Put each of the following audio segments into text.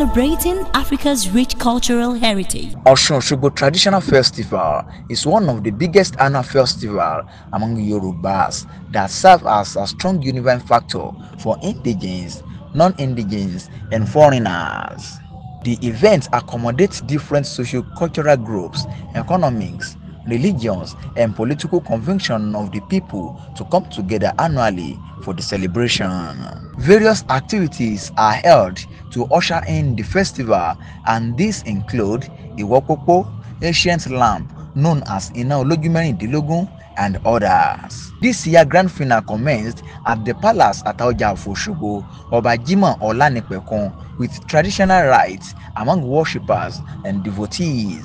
celebrating Africa's rich cultural heritage. Osun Traditional Festival is one of the biggest annual festival among Yorubas that serves as a strong unifying factor for indigens, non indigens and foreigners. The event accommodates different socio-cultural groups, economics, religions and political conviction of the people to come together annually for the celebration. Various activities are held to usher in the festival, and this include Iwopopo, ancient lamp known as Ina Olojumerindilogun, and others. This year grand finale commenced at the palace at Aoja of Osogbo, Oba Jimoh Olanipekun, with traditional rites among worshippers and devotees.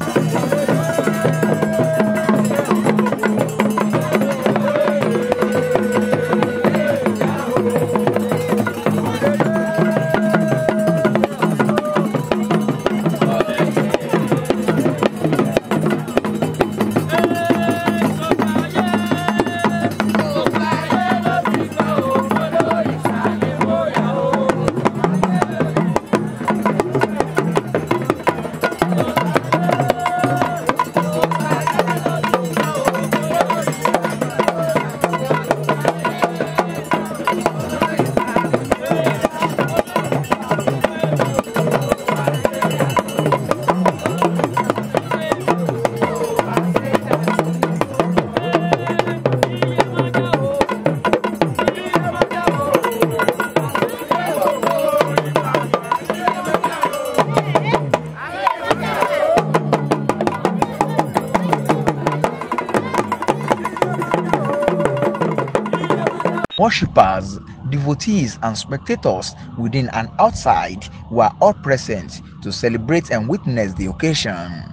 Worshippers, devotees, and spectators within and outside were all present to celebrate and witness the occasion.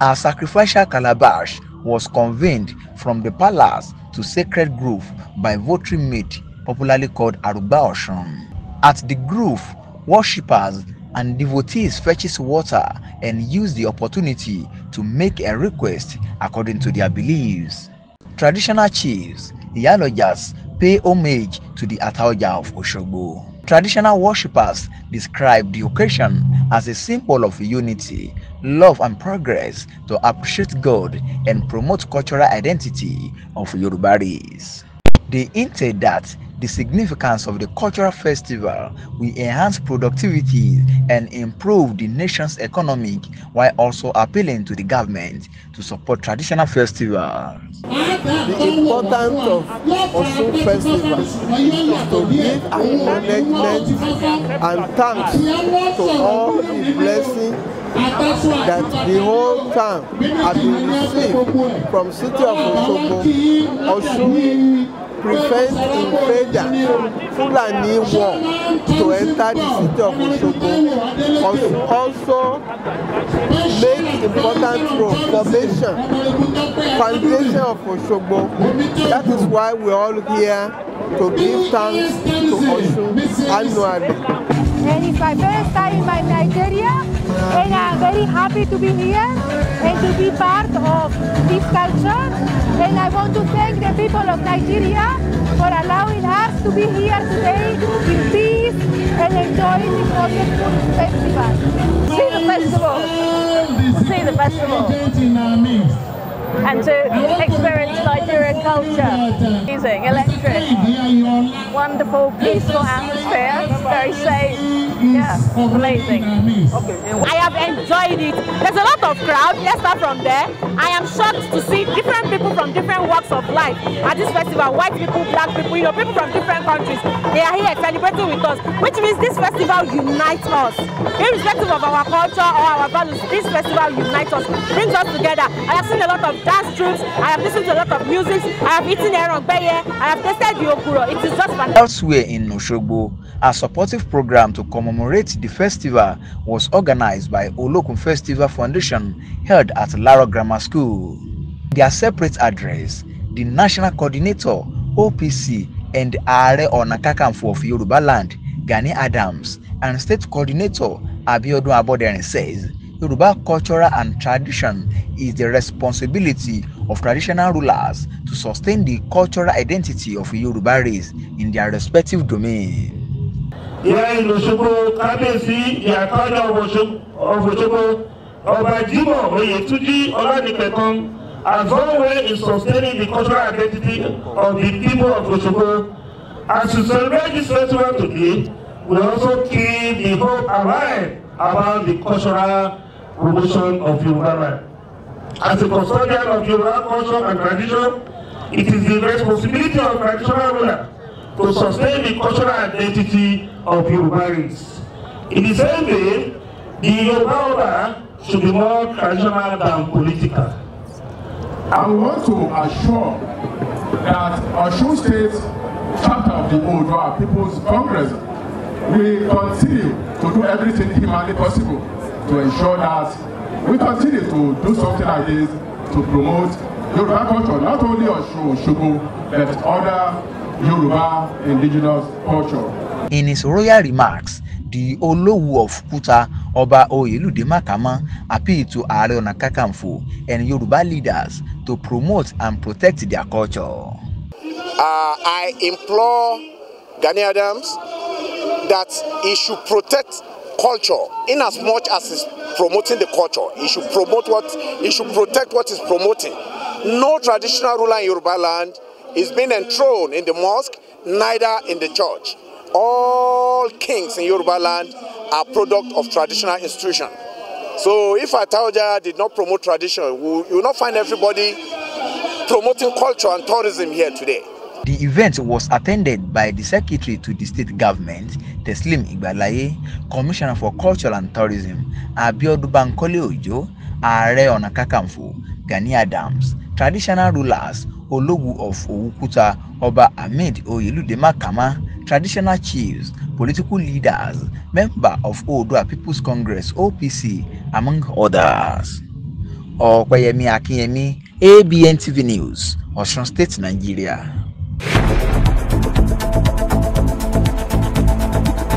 A sacrificial calabash was conveyed from the palace to Sacred Grove by votary maid, popularly called Aruba Oshun. At the grove, worshippers and devotees fetches water and use the opportunity to make a request according to their beliefs. Traditional chiefs, yalojas, pay homage to the Ataoja of Oshogbo. Traditional worshippers describe the occasion as a symbol of unity love and progress to appreciate God and promote cultural identity of Yorubaris. They hinted that the significance of the cultural festival will enhance productivity and improve the nation's economic while also appealing to the government to support traditional festivals. The importance of Osun Festival is to give acknowledgement and thanks to all the blessings that the whole town had received from city of Osogbo, Osun, prevent invader Fulani war to enter the city of Osogbo also make important role formation foundation of Osogbo that is why we all here to give thanks to Osun annually. And it's my first time in my Nigeria. and I'm uh, very happy to be here and to be part of this culture. And I want to thank the people of Nigeria for allowing us to be here today in peace and enjoying this wonderful festival. See the festival. See the festival and to experience Nigerian culture. Amazing, electric, wonderful, peaceful atmosphere, very safe. Yeah, amazing. Okay. I have enjoyed it. There's a lot of crowd. Let's start from there. I am shocked to see different people from different walks of life at this festival. White people, black people, you know, people from different countries. They are here celebrating with us, which means this festival unites us. Irrespective of our culture or our values, this festival unites us, brings us together. I have seen a lot of dance groups, I have listened to a lot of music, I have eaten erongbeye, I have tasted the okuro. It is just fantastic. Elsewhere in Oshogbo, a supportive program to commemorate the festival was organized by Olokun Festival Foundation held at Laro Grammar School. Their separate address, the National Coordinator, OPC, and Are Ona of Yoruba Land, Gani Adams, and State Coordinator Abiodun Aboderin says Yoruba culture and tradition is the responsibility of traditional rulers to sustain the cultural identity of Yoruba race in their respective domain. ìyá ìlú ṣubú kábíyèsí ìyàtọ̀jọ́ òfòṣogbo ọba jimoh oyetuji ọlọ́nìpẹ̀kan as always way in sustaining the cultural identity of the people of Oshogbo. As we celebrate this festival today, we also keep the hope alive about the cultural promotion of Yoruba land. As a custodian of Yoruba culture and tradition, it is the responsibility of traditional ruler to sustain the cultural identity of Yoruba In the same way, the Yoruba order should be more traditional than political. I want to assure that Osun State chapter of the Oodua People's Congress will continue to do everything humanly possible to ensure that we continue to do something like this to promote Yoruba culture, not only Osun Osogbo, but other Yoruba indigenous culture. In his royal remarks, the Olowu of Kuta, Oba Oyelude Makama, appealed to Aare Ona and Yoruba leaders to promote and protect their culture. Uh, I implore Gani Adams that he should protect culture in as much as it's promoting the culture it should promote what it should protect what it's promoting no traditional ruler in yoruba land is being enthroned in the mosque neither in the church all kings in yoruba land are product of traditional institution so if ataoja did not promote tradition you will not find everybody promoting culture and tourism here today the event was attended by the secretary to the state government teslim igbalaye commissioner for culture and tourism abiodun bankole ojo ààrẹ ọ̀nà kakanfò gani adams traditional rulers olówu of òwúkúta ọba ahmed oyèlúdé makama traditional chiefs political leaders member of oodua people's congress opc among others. ọ̀pẹ̀yẹmí akínyẹmí abn tv news ọ̀ṣun state nàìjíríà.